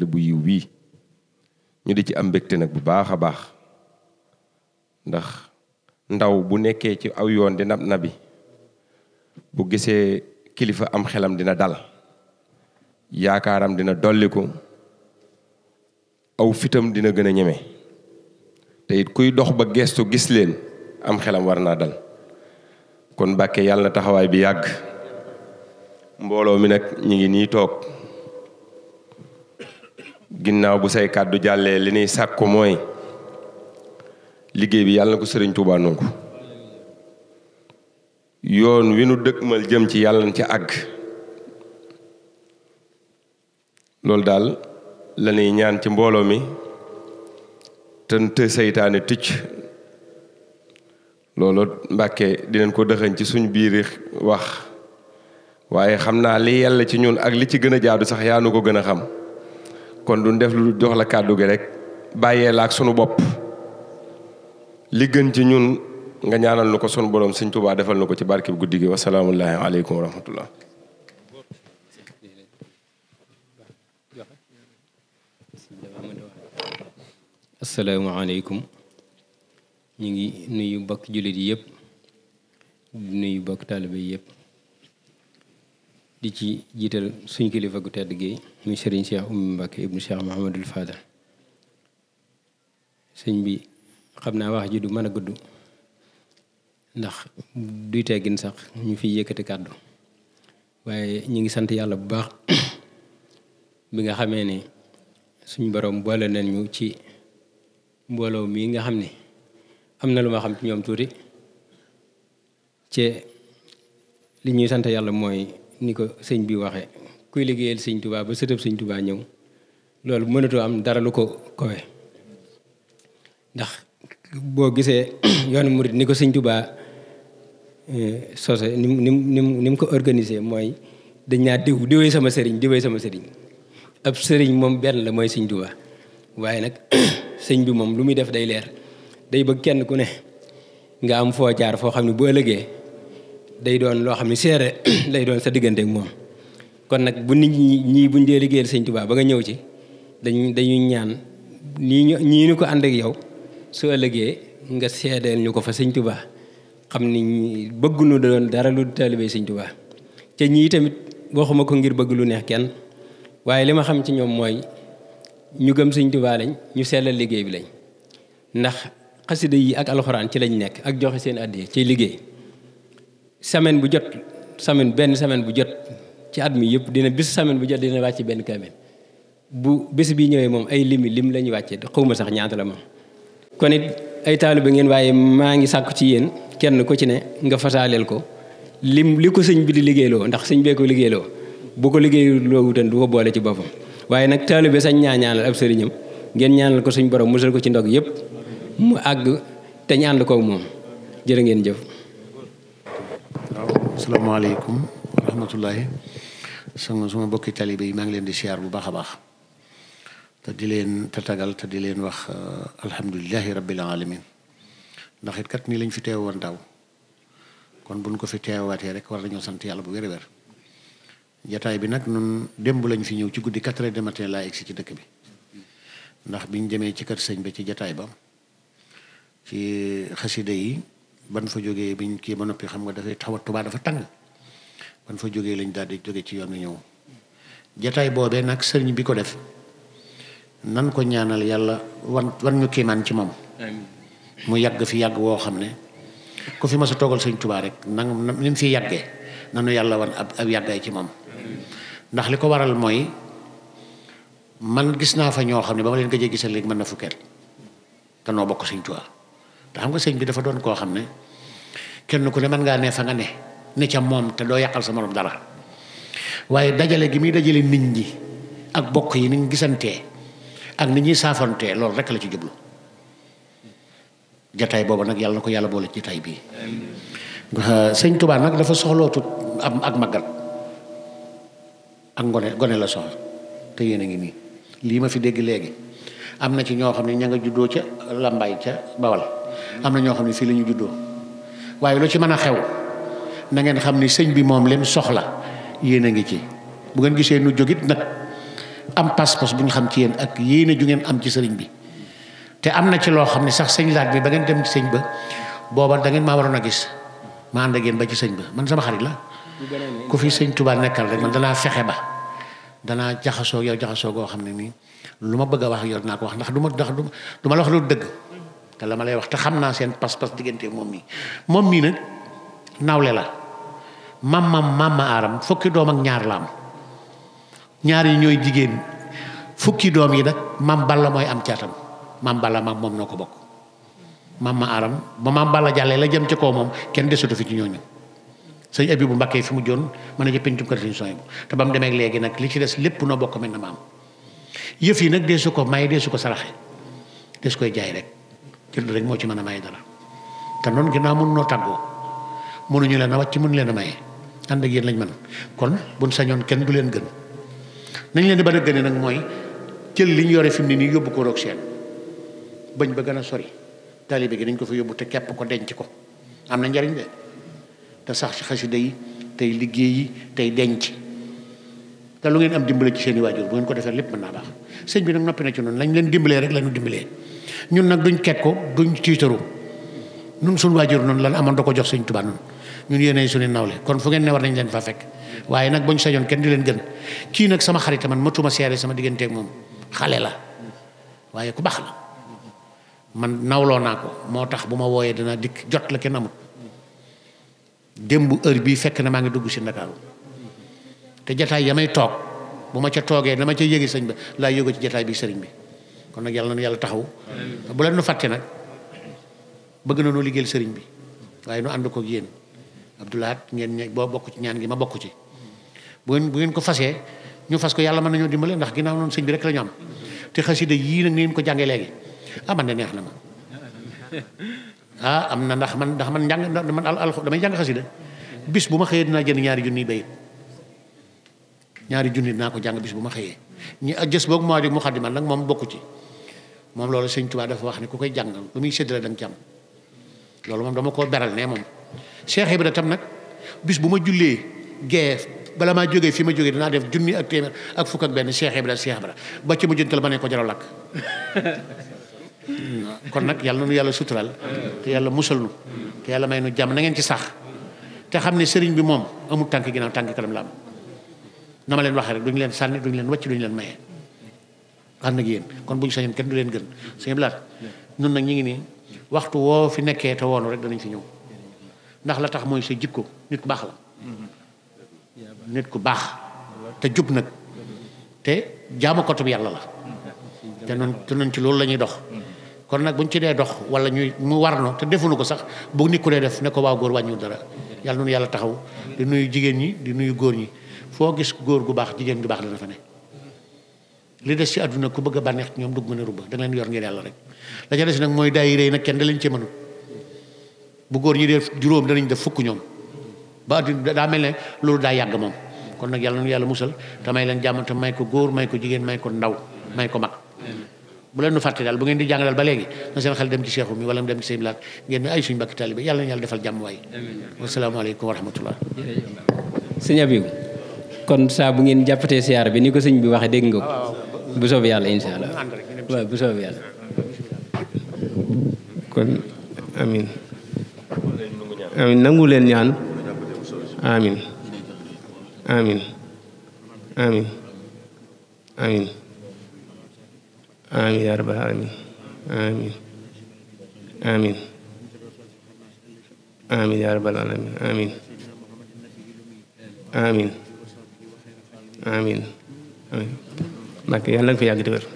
bu yiw bii ñu di ci am mbégte nag bu baax a baax ndax ndaw bu nekkee ci aw yoon di nab nabi bu gisee kilifa am xelam dina dal yaakaaram dina dolliku aw fitam dina gën a ñeme te kuy dox ba gestu gis leen am xelam war naa dal kon Mbàkke yàlla na taxawaay bi yàgg mbooloo mi nag ñi ngi nii toog ginnaaw bu say kàddu jàllee li nuy sàkku mooy liggéey bi yàlla na ko sëriñ Touba nangu yoon wi nu dëkk dëkkmal jëm ci yàlla na ci àgg loolu daal lañuy ñaan ci mbooloo mi tënt seytaane ticc loolu mbàkke dinañ ko dëxañ ci suñ biiri wax waaye xam naa li yàlla ci ñun ak li ci gën a jaadu sax yaa nu ko gën a xam kon duñ def lu jox la kàddu gi rek bàyyee la ak sunu bopp li gën ci ñun nga ñaanal nu ko sunu boroom sëñ Tuubaa defal nu ko ci barkeb guddi gi wasalaamu aleykum wa rahmatullah ñu ngi nuyu bokk jullit yépp nuyu bokk taalibe yi di ci jiital suñ kilifa gu tedd gi muy sëriñ Cheikh Oumy Mbacke ibnu Cheikh Mouhamadul Fadal sëñ bi xam naa wax ji du mën a gudd ndax duy teggin sax ñu fi yëkkati kàddu waaye ñu ngi sant yàlla bu baax bi nga xamee ne suñu borom boole nañ ñu ci mbooloo mii nga xam ne am na lu ma xam ci ñoom tuuti ci li ñuy sant yàlla mooy ni ko sëñ bi waxee kuy liggéeyal sëñ tubaa ba sëtëb sëñ tubaa ñëw loolu mënatoo am dara lu ko kowe ndax boo gisee yoonu murit ni ko sëñ tubaa eh, sose ni mu ni mu ni ko organisé mooy dañ naa diw diwee sama sëriñ diwee sama seriñ ab sëriñ moom benn la mooy sëñ tubaa waaye nag sëñ bi moom lu muy def day leer day bëgg kenn ku ne nga am foo jaar foo xam ne bu ëllëgee day doon loo xam ne seere lay doon sa digganteek moom kon nag bu nit ñi ñii buñ dee liggéeyal sëñ Tuubaa ba nga ñëw ci dañu dañuy ñaan nii ñu ñii ñu ko ànd ak yow su ëllëgee nga seedeel ñu ko fa sëñ Tuubaa xam ni bëgguñu doon dara lu taalibe sëñ Tuubaa te ñii tamit waxuma ko ngir bëgg lu neex kenn waaye li ma xam ci ñoom mooy ñu gëm sëñ Tuubaa lañ ñu sellal liggéey bi lañ ndax xasida yi ak alxuraan ci lañ nekk ak joxe seen àddiya ci liggéey semaine bu jot semaine benn semaine bu jot ci at mi yëpp dina bés semaine bu jot dina wàcc benn kaamil bu bés bii ñëwee moom ay limi lim la ñuy wàccee xawma sax ñaata la moom. kon it ay taalibe ngeen waaye maa ngi sàkk ci yéen kenn ku ci ne nga fasaaleel ko lim li ko sëñ bi di liggéeyloo ndax sëñ bee ko liggéeyloo bu ko liggéeyloo wutan du ko boole ci boppam waaye nag taalibe sañ ñaa ñaanal ab sëriñam ngeen ñaanal ko suñ borom musal ko ci ndog yëpp mu àgg te ñu moom jërë ngeen jëf. asalaamaaleykum wa rahmatullahi sama suma bokki talibe yi maa leen di siyaar bu baax a baax te di leen tatagal te di leen wax uh, alhamdulilahi rabbil alamin ndax it kat nii lañ fi teewoon daaw kon buñ ko fi teewaatee rek war nañoo sant yàlla bu wér wér jataay bi nag nun démb lañ fi ñëw ci guddi quatre heures du matin laa egsi ci dëkk bi ndax biñ demee ci kër sëñ ba ci jataay ba ci xasida yi ban fa jógee bi ñu kii ba noppi xam nga dafay xaw a Tuubaa dafa tàng ban fa jógee lañ daal di jóge ci yoonu ñëw jataay boobee nag sëriñ bi ko def nan ko ñaanal yàlla wan wan ñu kiimaan ci moom mu yàgg fi yàgg woo xam ne ku fi mas a toogal sëñ Tuubaa rek nan ni mu fi yàggee nanu yàlla wan ab ab yàggaay ci moom ndax li ko waral mooy man gis naa fa ñoo xam ne ba ma leen gëjee gisal léegi mën na fukkeet te noo bokk sëñ Tuubaa te xam nga sëñ bi dafa doon koo xam ne kenn ku ne man ngaa ne fa nga ne ne ca moom te doo yàqal sa morom dara waaye dajale gi muy dajale nit ñi ak bokk yi ni ñu gisantee ak ni ñuy saafantee loolu rek la ci jublu jataay boobu nag yàlla na ko yàlla boole jataay bii sëñ Tuubaa nag dafa soxlootut am ak màggal ak ngone gone la soxla te yéen a ngi nii lii ma fi dégg léegi am na ci ñoo xam ne ña nga juddoo ca Lambaay ca Bawal am na ñoo xam ne fii la ñu juddoo waaye lu ci mën a xew na ngeen xam ne sëñ bi moom leen soxla yéen a ngi ci bu ngeen gisee nu jógit nag am pas-pas bu ñu xam ci yéen ak yéene ju ngeen am ci sëriñ bi te am na ci loo xam ne sax sëñ laaj bi ba ngeen dem ci sëñ ba booba da ngeen maa waroon a gis ma ànd ak yéen ba ci sëñ ba man sama xarit la ku fi sëñ Tuubaa nekkal rek man danaa fexe ba danaa jaxasoo yow jaxasoo goo xam ne nii lu ma bëgg a wax yow dinaa ko wax ndax du ma ndax du ma la wax lu dëgg te la ma lay wax te xam naa seen pas-pas diggante moom mii moom mii nag nawle la mamam mamma aaram fukki doom ak ñaar la ñaar yi jigéen fukki doom yi nag mam balla mooy am caatam mam balla maam moom noo ko bokk mamma aaram ba mam balla jàllee la jëm ci kaw moom kenn desatu fi ci ñooñu sëñ abi bu Mbàkke fi mu joon mën a jëppeñ jumkat sëñ Sohaybu te ba mu demee léegi nag li ci des lépp noo bokk mel na maam yëf yi nag dee su ko may dee su ko saraxe dee su koy jaay rek jënd rek moo ci mën a may dara te noonu ginnaaw mën noo tàggoo mënuñu leen a wàcc mënu leen a maye ànd ak yéen lañ mën kon buñ ñoon kenn du leen gën nañ leen di ban a nag mooy jël li ñu yore fi mu ne nii yóbbu ko roog seen bañ ba gën a sori ta gi dañ ko fa yóbbu te kepp ko denc ko te sax ci xasida yi tey liggéey yi tey denc te lu ngeen am dimbale ci seen i waajur bu ngeen ko defee lépp mën naa baax sëñ bi nag noppi na ci noonu lañ leen dimbalee rek lañu dimbalee ñun nag duñ ket ko duñ tiitaru ñun suñu waajur noonu lan amoon da ko jox sëñ Tuubaa noonu ñun yéenay suñu nawle kon fu ngeen ne war nañ leen fa fekk waaye nag booñ sañoon kenn di leen gën kii nag sama xarit man matuma seere sama digganteeg moom xale la waaye ku baax la man nawloo naa ko moo tax bu ma wooyee dana dikk jot la kenn amut démb heure bii fekk na maa ngi dugg si Ndakaaru te jataay ya may toog bu ma ca toogee na ma ca yëge sëñ bi laa yëgoo ci jataay bi sëriñ bi kon nag yàlla na nu yàlla taxaw bu leen nu fàtte nag bëgg na noo liggéeyal sëriñ bi waaye nu ànd ko ak yéen Abdoulahat ngeen boo bokk ci ñaan gi ma bokk ci bu ngeen bu ngeen ko fasee ñu fas ko yàlla mën nañoo dimbale ndax ginnaaw noonu sëñ bi rek la ñu am te xasida yii nag ni ngeen ko jàngee léegi ah neex na ma ah am na ndax man ndax man njàng man al damay jàng xasida bis bu ma xëyee dinaa jënd ñaari junniy bayit ñaari junni dinaa ko jàng bis bu ma xëyee ñi jës boog moo di mu xaddi man nag moom bokku ci moom loolu sëñ Tuubaa dafa wax ne ku koy jàng lu muy séddale da nga ci loolu moom dama koo beral ne moom bi Ibra tam nag bis bu ma jullee gee bala maa jógee fi ma jógee danaa def junni ak téeméer ak fukk ak benn Cheikh Ibra Cheikh Ibra ba ci mu jëntal ma ne ko jaral lakk kon nag yàlla nu yàlla sutural te yàlla musal nu te yàlla may nu jàmm na ngeen ci sax te xam ne sëriñ bi moom amul tànk ginnaaw tànk kanam la am na ma leen waxee rek duñu leen sànni duñu leen wàcc duñu leen maye. ànd ak yéen kon bu ñu sañoon kenn du leen gën sëñ Blaat ñun nag ñu ngi nii waxtu woo fi nekkee danañ fi ñëw ndax la tax mooy sa jikko nit ku baax la. nit ku baax te jub nag te jaamu kotub yàlla la te noonu te noonu ci loolu la ñuy dox. kon nag bu ñu ci dee dox wala ñuy mu war na te defuñu ko sax bu nit ku dee def ne ko waaw góor wàññiwul dara yàlla nunu yàlla taxaw di nuyu jigéen ñi di nuyu góor ñi foo gis góor gu baax jigéen gu baax dana fa ne li des ci àdduna ku bëgg a bànneex ñoom dugg mën a ruba da nga yàlla rek la ca des nag mooy daayira yi nag kenn da leen ci mënul bu góor ñi def juróom danañ def fukk ñoom ba àdduna daa mel ne loolu daa yàgg moom kon nag yàlla nu yàlla musal te may leen jàmm may ko góor may ko jigéen may ko ndaw may ko mag bu leen nu fàtte daal bu ngeen di jàng daal ba léegi na seen xel dem ci seexu mi wala mu dem ci seen laat ngeen ne ay suñu mbokki taalibe yàlla na yàlla defal jàmm waay. wasalaamaaleykum wa rahmatullah. sëñ Abibu kon saa bu ngeen jàppatee siyaar bi ni ko sëñ bi waxe dégg nga ko. Ah, bu soobee yàlla incha allah waaw bu soobee nangu leen ñaan amin amin amin amin yaa rabbal alamin amin amin amin yaa rabbal alamin amin amin amin amin yàlla nga yàgg di wér